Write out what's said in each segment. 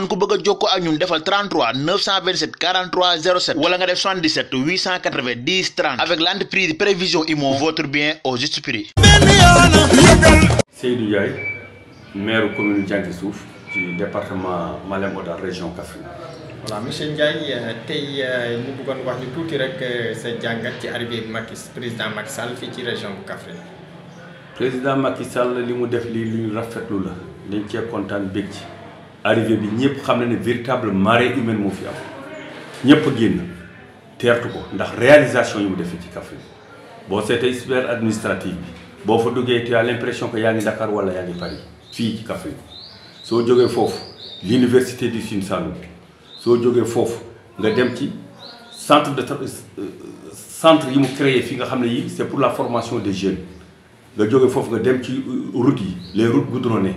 kon ku bëgg a ak ñun defal 33 927 43 07 wala nga def 77 890 30 avec l'entreprise prévision immo votre bien au juste prix. Seydou Ndiaye maire commune de Souf du département Malemoda région Kaffrine. voilà monsieur Ndiaye euh, tay euh, ñu vous wax ñu tuuti rek euh, sa jangat ci arrivée Macky président Macky Sall fi ci région Kaffrine. président Macky Sall li mu def li lu rafetlu la dañ content kontaan bég arrivé bi ñëpp xam na véritable marée humaine mo fi am ñëpp a tertu ko ndax réalisation yu mu def ci Kaffrine bo seetee sphère administrative bi boo fa duggé tu as l'impression que y'a ngi Dakar wala yaa ngi Paris fi ci Kaffrine so jógee foofu l'université du Sine Saloum so jógee foofu nga dem ci centre de euh, centre yi mu créé fi nga xamné yi c'est pour la formation des jeunes nga jógee foofu nga dem ci euh, route yi les routes goudronnées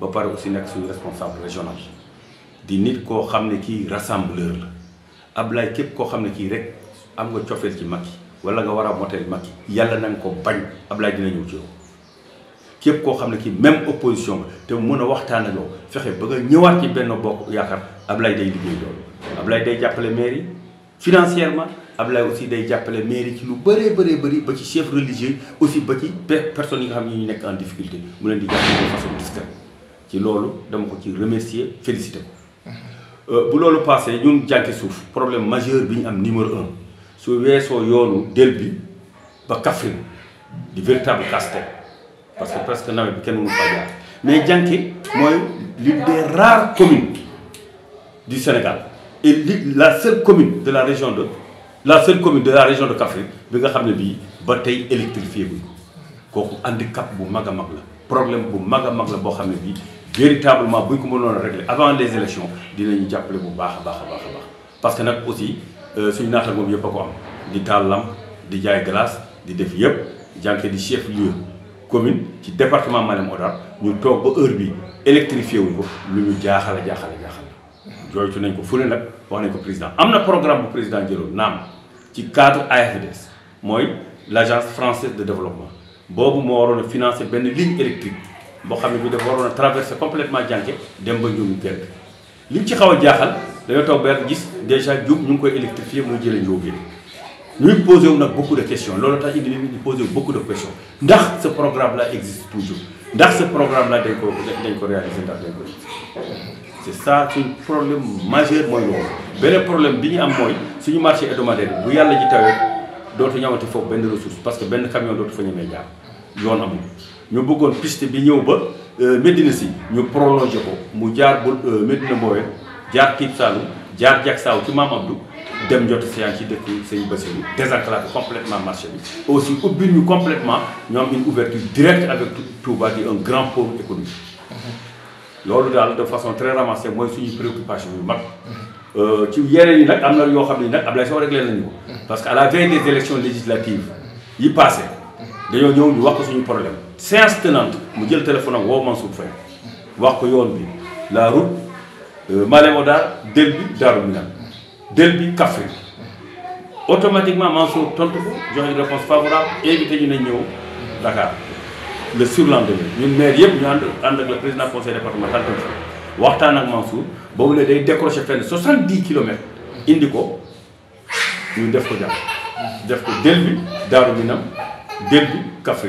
ba pare aussi nekk suñu responsable régional di nit ko xamné ki rassembleur la Ablaye képp koo xam ne rek am nga cofeel ci Macky wala nga wara motel moteel Macky yàlla na ko bañ Ablaye dina ñëw ci yow képp ko xamné ki même opposition té mëna mën a waxtaanee loo fexe ñëwaat ci benn bokk yaakaar Ablaye day liggéey loolu Ablaye day jappalé mairie financièrement Ablaye aussi day jappalé mairie ci lu bëré bëré bëri ba ci chef religieux aussi ba ci personne yi nga xam ne ñu nekk en difficulté mu leen di jappalé façon discrète ci loolu dama ko ci remercier félicité ko euh, bu loolu passé ñun jànki souf problème majeur bi ñu am numéro un su weesoo yoonu del bi ba Kaffrine di véritable casse parce que presque nawet bi kenn mënu fa jaar mais jànki moy l'une des rares communes du Sénégal et la seule commune de la région de la seule commune de la région de Kaffrine bi nga xamné bi ba tay électrifié buñ ko kooku handicap bu maga mag la problème bu maga mag la bo xamné bi véritablement bu ko mënoon régler avant les élections dinañu jàppale bu baax a baax a baax parce que nak aussi euh, suñu naatal moom yëpp a ko am di taal di jaay glace di def yépp jànke di chef lieu commune ci département Malem Hodar ñu toog ba heure bi électrifié wu ko lu ñu jaaxal a jaaxal a nañ ko fulé nak wax nañ ko président amna programme bu président jëloon nam ci cadre AFDS moy l'agence française de développement bobu mo warone financer ben ligne électrique boo xam bi dafa waroon a traversé complètement jànke dem ba njuum gerte li ci xawa a jaaxal dañoo toog ba gis déjà Dioup ñu ngi koy électrifier muy jëlee Ndiobène ñuy posé nak beaucoup de questions loolu tax indi nit ñi posé beaucoup de questions ndax ce programme là existe toujours ndax ce programme là dañ ko dañ ko réaliser ndax dañ ko c'est est ça suñ problème majeur mooy loolu. beneen problème bi ñu am mooy suñu marché hebdomadaire bu yalla ji tawé dootu ñawati fofu benn ressource parce que benn camion dootu fa ñemee jaar yoon amul. Nous bëggoon piste bi ñëw ba euh, si ñu prolongé ko mu jaar euh, Médina jaar jaar complètement marché bi aussi avons ñu complètement une ouverture directe avec Touba un grand pôle économique de façon très ramassée suis suñu préoccupation yu euh, ci parce qu'à la veille des élections législatives yi passé ñëw ñu wax problème séance tenante mu jël téléphone Mansour Faye wax la route euh, delby Delbi, automatiquement Mansour tontu une réponse favorable invité ñu ñëw Dakar le surlendemain maire le président conseil départemental de waxtaan ak Mansour 70 km, indi ko ñu def ko def ko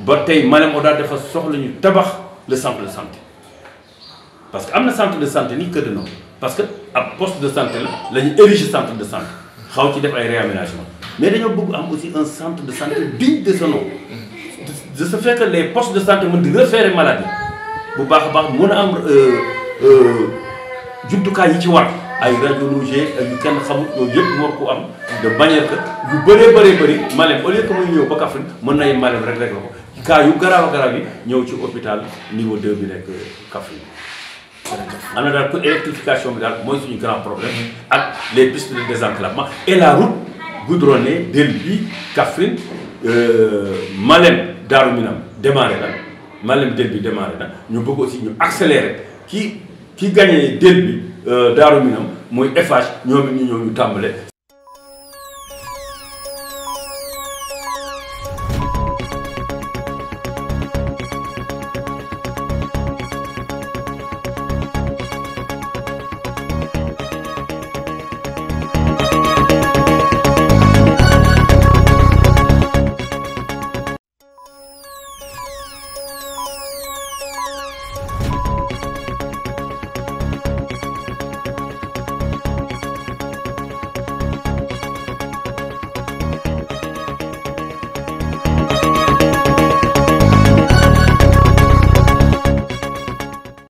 ba tey Malem Hodar dafa soxla ñu tabax le centre de santé parce que am centre de santé ni de nom parce que à poste de santé la la centre de santé xaw ci def ay réaménagement mais gens beaucoup am aussi un centre de santé digne de son nom de ce fait que les postes de santé mën di référer maladie bu baax a baax mën du am euh, euh, jumtukaay yi ci war ay radiologie ak yu kenn xamul yooyu yëpp ko am de manière que vous bëree bëree bëri Malem au lieu que muy ñëw ba Kaffrine mën nay Malem rek rek cas yu y a yi ci hôpital niveau 2 bi nekk Kaffrine am na daal pour électrification bi grand problème mhm. ak les pistes de désenclavement et la route goudronnée Delbi euh, Malem Darou Minam démarré Malem Delbi démarré Nous ñu bëgg aussi accélérer ki ki gagné Delbi euh, Darou Minam mooy nous ñoom it ñu ñu